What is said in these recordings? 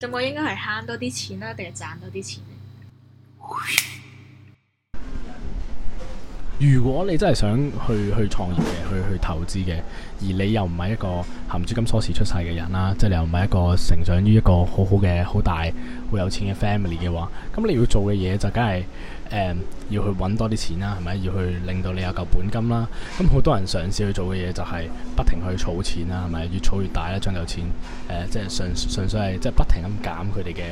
咁我應該係慳多啲錢啦，定係賺多啲錢？ 如果你真係想去去創業嘅，去去投資嘅，而你又唔係一個含資金鎖匙出世嘅人啦，即係你又唔係一個成長於一個好好嘅好大好有錢嘅 family 嘅話，咁你要做嘅嘢就梗係誒要去揾多啲錢啦，係咪？要去令到你有嚿本金啦。咁、嗯、好多人嘗試去做嘅嘢就係不停去儲錢啦，係咪？越儲越大啦，將有錢誒，即、呃、係、就是、純純粹係即係不停咁減佢哋嘅誒，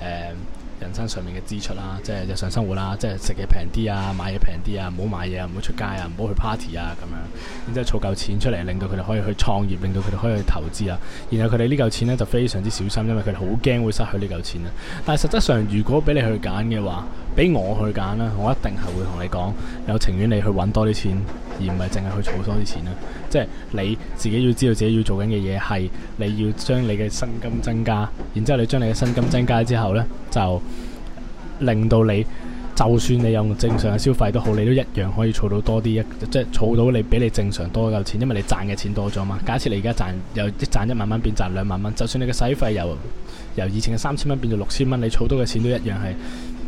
呃人生上面嘅支出啦，即係日常生活啦，即係食嘢平啲啊，買嘢平啲啊，唔好買嘢啊，唔好出街啊，唔好去 party 啊，咁樣，然之後儲夠錢出嚟，令到佢哋可以去創業，令到佢哋可以去投資啊。然後佢哋呢嚿錢呢，就非常之小心，因為佢哋好驚會失去呢嚿錢啊。但係實質上，如果俾你去揀嘅話，俾我去揀啦，我一定係會同你講，有情願你去揾多啲錢。而唔係淨係去儲多啲錢啦，即係你自己要知道自己要做緊嘅嘢係你要將你嘅薪金增加，然之後你將你嘅薪金增加之後呢，就令到你就算你有正常嘅消費都好，你都一樣可以儲到多啲一，即係儲到你比你正常多嘅錢，因為你賺嘅錢多咗嘛。假設你而家賺由一賺一萬蚊變賺兩萬蚊，就算你嘅使費由由以前嘅三千蚊變到六千蚊，你儲多嘅錢都一樣係。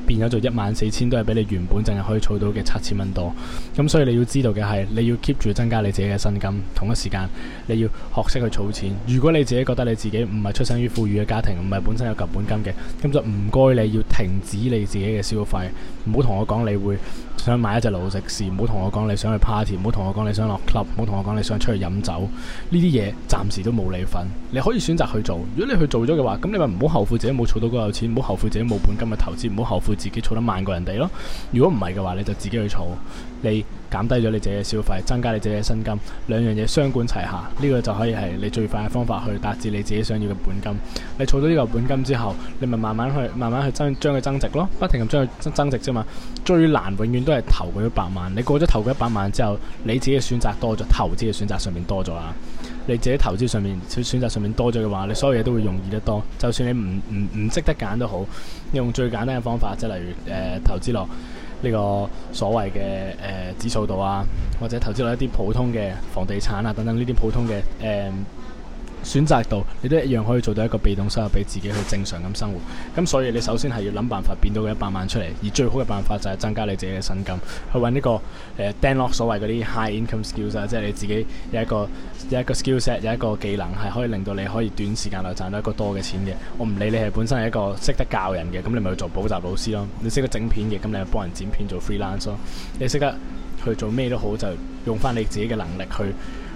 變咗做一萬四千都係比你原本淨係可以儲到嘅七千蚊多，咁所以你要知道嘅係你要 keep 住增加你自己嘅薪金，同一時間你要學識去儲錢。如果你自己覺得你自己唔係出生於富裕嘅家庭，唔係本身有嚿本金嘅，咁就唔該你要停止你自己嘅消費。唔好同我講你會想買一隻勞力士，唔好同我講你想去 party，唔好同我講你想落 club，唔好同我講你想出去飲酒。呢啲嘢暫時都冇你份。你可以選擇去做。如果你去做咗嘅話，咁你咪唔好後悔自己冇儲到嗰嚿錢，唔好後悔自己冇本金嘅投資，唔好後悔。自己儲得慢過人哋咯。如果唔係嘅話，你就自己去儲，你減低咗你自己嘅消費，增加你自己嘅薪金，兩樣嘢雙管齊下，呢個就可以係你最快嘅方法去達至你自己想要嘅本金。你儲咗呢個本金之後，你咪慢慢去，慢慢去增將佢增值咯，不停咁將佢增增值啫嘛。最難永遠都係投嗰一百萬，你過咗投嗰一百萬之後，你自己嘅選擇多咗，投資嘅選擇上面多咗啊。你自己投資上面選選擇上面多咗嘅話，你所有嘢都會容易得多。就算你唔唔唔識得揀都好，用最簡單嘅方法，即係例如誒、呃、投資落呢個所謂嘅誒、呃、指數度啊，或者投資落一啲普通嘅房地產啊等等呢啲普通嘅誒、呃選擇度，你都一樣可以做到一個被動收入，俾自己去正常咁生活。咁所以你首先係要諗辦法變到嗰一百萬出嚟，而最好嘅辦法就係增加你自己嘅薪金，去揾呢個誒釘 lock 所謂嗰啲 high income skills，即係你自己有一個有一個 skill set 有一個技能係可以令到你可以短時間內賺到一個多嘅錢嘅。我唔理你係本身係一個識得教人嘅，咁你咪去做補習老師咯。你識得整片嘅，咁你去幫人剪片做 freelance 咯。你識得去做咩都好，就用翻你自己嘅能力去。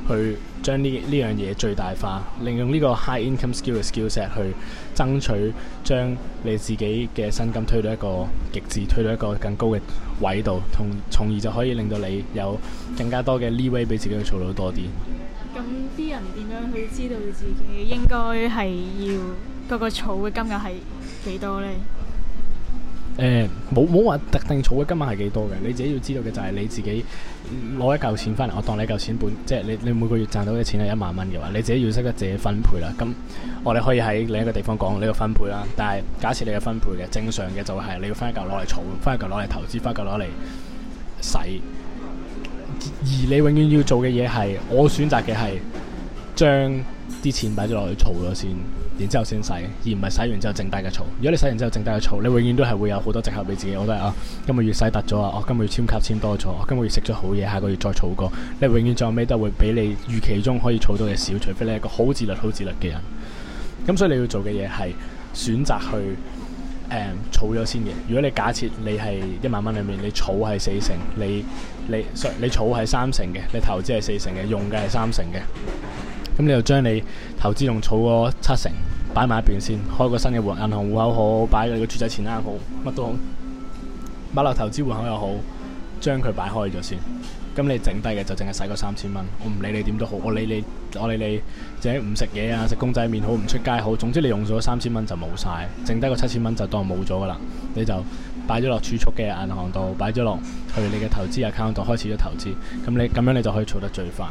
去將呢呢樣嘢最大化，利用呢個 high income skill 嘅 skill set 去爭取將你自己嘅薪金推到一個極致，推到一個更高嘅位度，從從而就可以令到你有更加多嘅 leeway 俾自己去儲到多啲。咁啲人點樣去知道自己應該係要嗰個儲嘅金額係幾多呢？冇冇話特定儲嘅金額係幾多嘅，你自己要知道嘅就係你自己攞一嚿錢返嚟，我當你一嚿錢本，即係你你每個月賺到嘅錢係一萬蚊嘅話，你自己要識得自己分配啦。咁我哋可以喺另一個地方講呢個分配啦。但係假設你有分配嘅，正常嘅就係你要分一嚿攞嚟儲，分一嚿攞嚟投資，分一嚿攞嚟使。而你永遠要做嘅嘢係，我選擇嘅係將啲錢擺咗落去儲咗先。然之後先洗，而唔係洗完之後剩低嘅儲。如果你洗完之後剩低嘅儲，你永遠都係會有好多借口俾自己。我都係啊，今個月洗突咗啊，我今個月簽卡簽多咗，我、啊、今個月食咗好嘢，下個月再儲過。你永遠最後尾都係會比你預期中可以儲到嘅少，除非你係一個好自律、好自律嘅人。咁所以你要做嘅嘢係選擇去誒儲咗先嘅。如果你假設你係一萬蚊裏面，你儲係四成，你你你儲係三成嘅，你投資係四成嘅，用嘅係三成嘅。咁你同將你投資同儲個七成擺埋一邊先，開個新嘅戶銀行戶口好，擺你個儲值錢啊好乜都好，買樓投資戶口又好。將佢擺開咗先，咁你剩低嘅就淨係使嗰三千蚊，我唔理你點都好，我理你，我理你，淨係唔食嘢啊，食公仔麵好，唔出街好，總之你用咗三千蚊就冇晒，剩低個七千蚊就當冇咗噶啦，你就擺咗落儲蓄嘅銀行度，擺咗落去你嘅投資 account 度，開始咗投資，咁你咁樣你就可以儲得最快，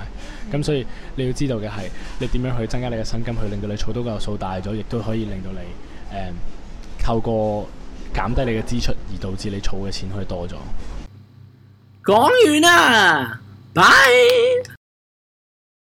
咁所以你要知道嘅係，你點樣去增加你嘅薪金，去令到你儲到個數大咗，亦都可以令到你、嗯，透過減低你嘅支出，而導致你儲嘅錢可以多咗。講完啦，拜。